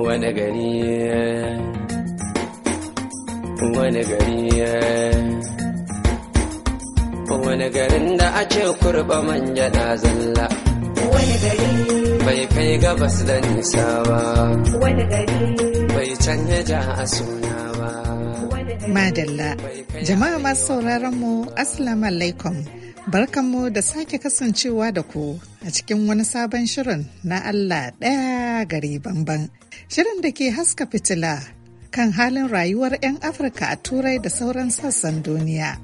wani gari wani gari wani garin da a ce kurba manja na zalla wani gari bai kai gabas da nisa ba wani gari bai canje ja a suna ba madalla jama'a masu sauraron mu assalamu alaikum Barkanmu da sake kasancewa da ku a cikin wani sabon shirin na Allah ɗaya gari bamban Shirin da ke haska fitila kan halin rayuwar 'yan Afirka a Turai da sauran sassan duniya.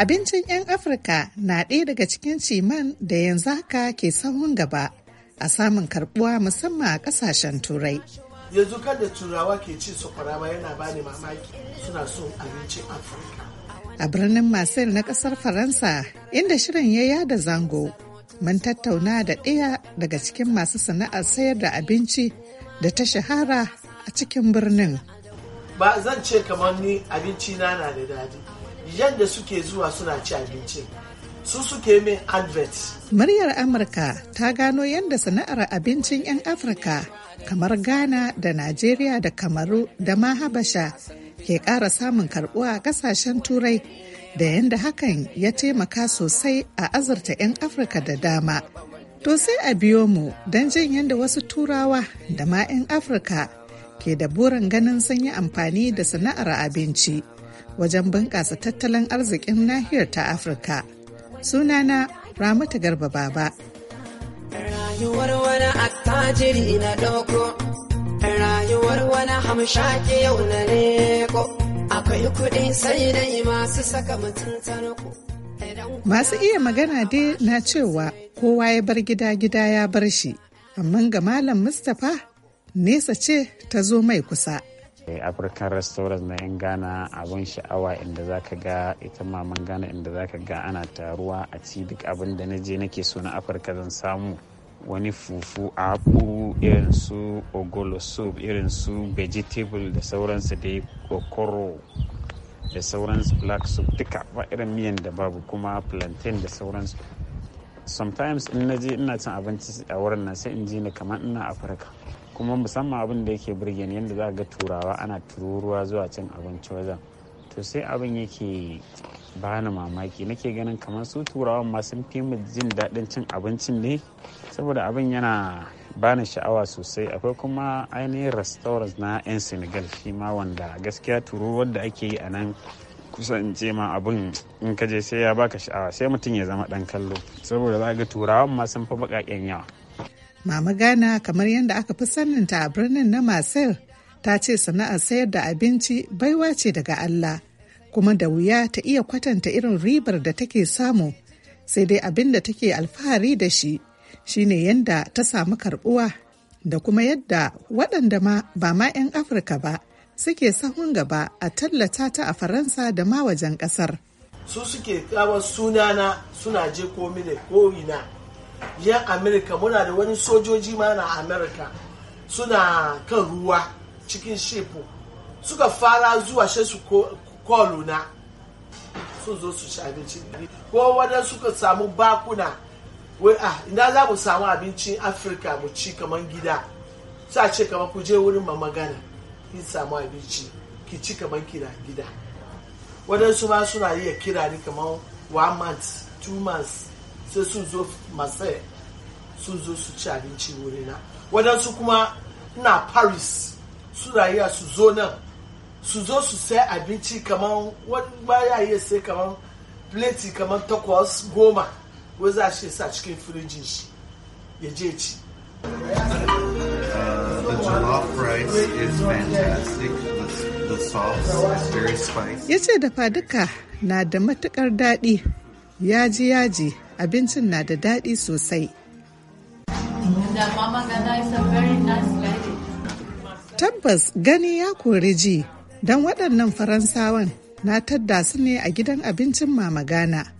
Abincin 'yan Afirka na ɗaya daga cikin ciman da yanzu haka ke sahun gaba a samun karbuwa musamman a ƙasashen Turai. yanzu kada turawa ke ci sakwara ba yana bani mamaki suna son abincin afirka a birnin marseille na ƙasar faransa inda shirin ya yada zango mun tattauna da ɗaya daga cikin masu sana'ar sayar da abinci da ta shahara a cikin birnin. Ba zan ce kamar ni abinci na na da daɗi, yadda suke zuwa suna ci abincin. Su suke min advert. Muryar Amurka ta gano yadda sana'ar abincin 'yan Afirka kamar Ghana da Najeriya da Kamaru da Mahabasha. ke ƙara samun karbuwa a kasashen turai da yadda hakan ya taimaka sosai a azurta 'yan afirka da dama to sai a biyo mu don jin yadda wasu turawa da ma 'yan afirka ke da burin ganin sun yi amfani da sana'ar abinci wajen bunƙasa tattalin arzikin nahiyar ta afirka sunana ramata garba baba rayuwar attajiri na ɗauko rayuwar wani yau na kuɗi sai dai masu saka mutum masu iya magana dai na cewa kowa ya bar gida gida ya bar shi amma ga malam mustapha nesa ce ta zo mai kusa eh, african restaurant na yan ghana abin sha'awa inda za ka ga ita maman ghana inda za ka ga ana taruwa a ci duk abin da na je nake so na afirka zan samu wani fufu apu irin su ogolo soup irin su vegetable da sauransu dai kokoro da sauransu black soup duka ba irin miyan da babu kuma plantain da sauransu sometimes in na je ina cin abinci a wurin nan sai in ji ni kamar ina afirka kuma musamman abin da yake burge ni yadda za ga turawa ana tururuwa zuwa cin abinci wajen to sai abin yake bani mamaki nake ganin kamar su turawan ma sun fi mu jin daɗin cin abincin ne saboda abin yana bani sha'awa sosai akwai kuma ainihin restaurant na 'yan senegal shi ma wanda gaskiya turu wadda ake yi a nan kusan ce ma abin in kaje sai ya baka sha'awa sai mutum ya zama dan kallo saboda za ga turawan ma sun fi baƙaƙen yawa mama gana kamar yadda aka fi ta a birnin na masar ta ce sana'ar sayar da abinci baiwa ce daga allah kuma da wuya ta iya kwatanta irin ribar da take samu sai dai abin da take alfahari da shi shine yadda ta samu karbuwa da kuma yadda waɗanda ma ba ma 'yan afirka ba suke sahun gaba a tallata ta a faransa da ma wajen ƙasar su suke kawo sunana suna je ko mini ko ina yan amerika muna da wani sojoji ma na amerika suna kan ruwa cikin shepo suka fara zuwa shi su na sun zo su ci abinci ko wadanda suka samu bakuna wai ah ina za mu samu abincin afirka mu ci kamar gida sa ce kamar ku je wurin ma magana in samu abinci ki ci kamar kira gida waɗansu ma suna iya kira ni kamar one month two months sai sun zo masai sun zo su ci abinci na waɗansu kuma na paris suna iya su zo nan su zo su sai abinci kamar wani baya iya sai kamar plate kamar takwas goma ko za shi sa cikin firijin shi ya je ci Ya ce duka na da matukar daɗi, yaji yaji abincin na da daɗi sosai. Tabbas gani ya kori ji, don waɗannan Faransawan na tadda su ne a gidan abincin Mama Gana.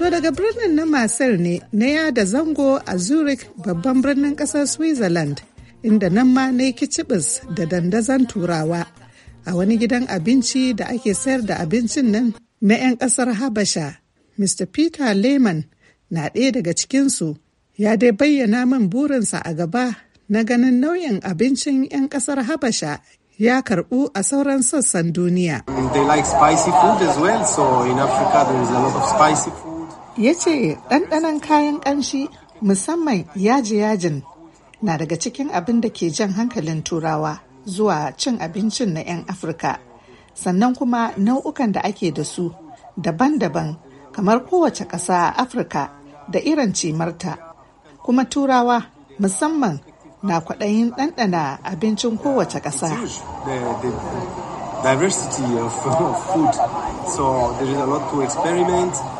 To daga birnin na Masar ne na yada zango a Zurich babban birnin kasar Switzerland inda nan ma na yi kicibis da dandazan turawa a wani gidan abinci da ake sayar da abincin nan na 'yan kasar Habasha. Mr. Peter Lehman na ɗaya daga cikinsu ya dai bayyana min burinsa a gaba na ganin nauyin abincin 'yan kasar Habasha ya karbu a sauran sassan duniya. ya ce ɗanɗanon kayan ƙamshi musamman yaji-yajin na daga cikin abin da ke jan hankalin turawa zuwa cin abincin na 'yan afirka sannan kuma nau'ukan da ake da su daban-daban kamar kowace ƙasa a afirka da irin cimarta kuma turawa musamman na kwaɗayin ɗanɗana abincin kowace ƙasa diversity of food so there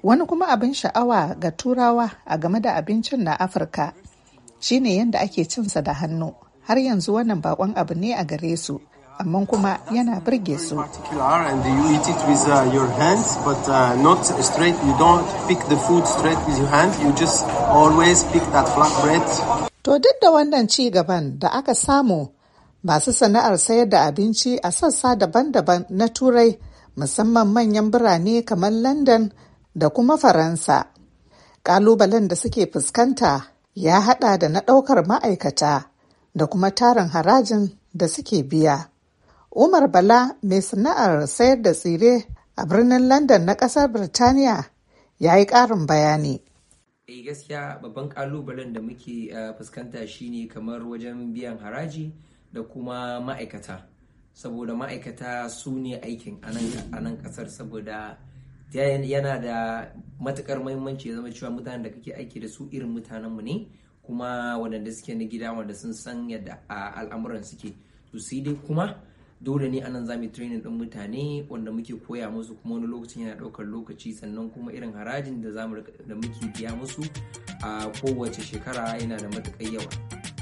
Wani kuma abin sha'awa ga turawa a game da abincin na Afirka shine yadda ake cinsa da hannu har yanzu wannan bakon abu ne a gare su amma kuma yana birge su. Uh, uh, to duk da wannan ci gaban da aka samu masu sana'ar sayar da abinci a sassa daban-daban na turai musamman manyan birane kamar London da kuma Faransa. Ƙalubalen da suke fuskanta ya haɗa da na ɗaukar ma'aikata da kuma tarin harajin da suke biya. Umar Bala mai sana'ar sayar da tsire a birnin London na ƙasar Birtaniya ya yi ƙarin bayani. eh gaskiya babban ƙalubalen da muke eh, fuskanta shine kamar wajen biyan haraji da kuma ma'aikata saboda ma'aikata su ne aikin a nan kasar saboda yana da matukar muhimmanci ya zama cewa mutanen da kake aiki da su irin mu ne kuma waɗanda suke na gida wanda sun san yadda al'amuran suke to sai dai kuma dole ne anan za mu training din mutane wanda muke koya musu kuma wani lokacin yana ɗaukar lokaci sannan kuma irin harajin da za da muke biya musu a kowace shekara yana da matukar yawa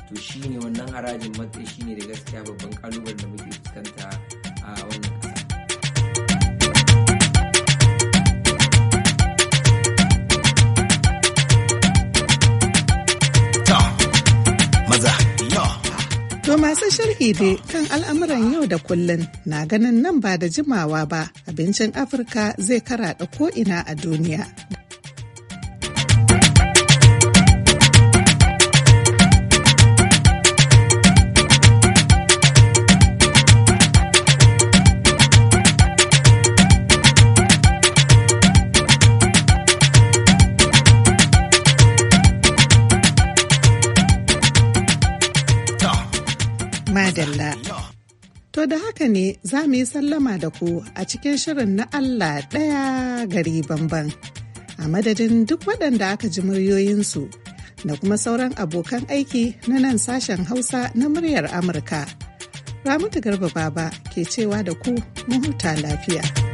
to shine wannan harajin matsayi shine da gaskiya babban kalubalen da muke fuskanta a wannan To masu sharhi dai kan al'amuran yau da kullun na ganin nan ba da jimawa ba abincin Afirka zai karaɗa ko'ina a duniya Madalla. To da haka ne za mu yi sallama da ku a cikin shirin na Allah ɗaya gari bamban. A madadin duk waɗanda aka ji muryoyinsu da kuma sauran abokan aiki na nan sashen Hausa na muryar Amurka. Ramatu Garba Baba ke cewa da ku mu huta lafiya.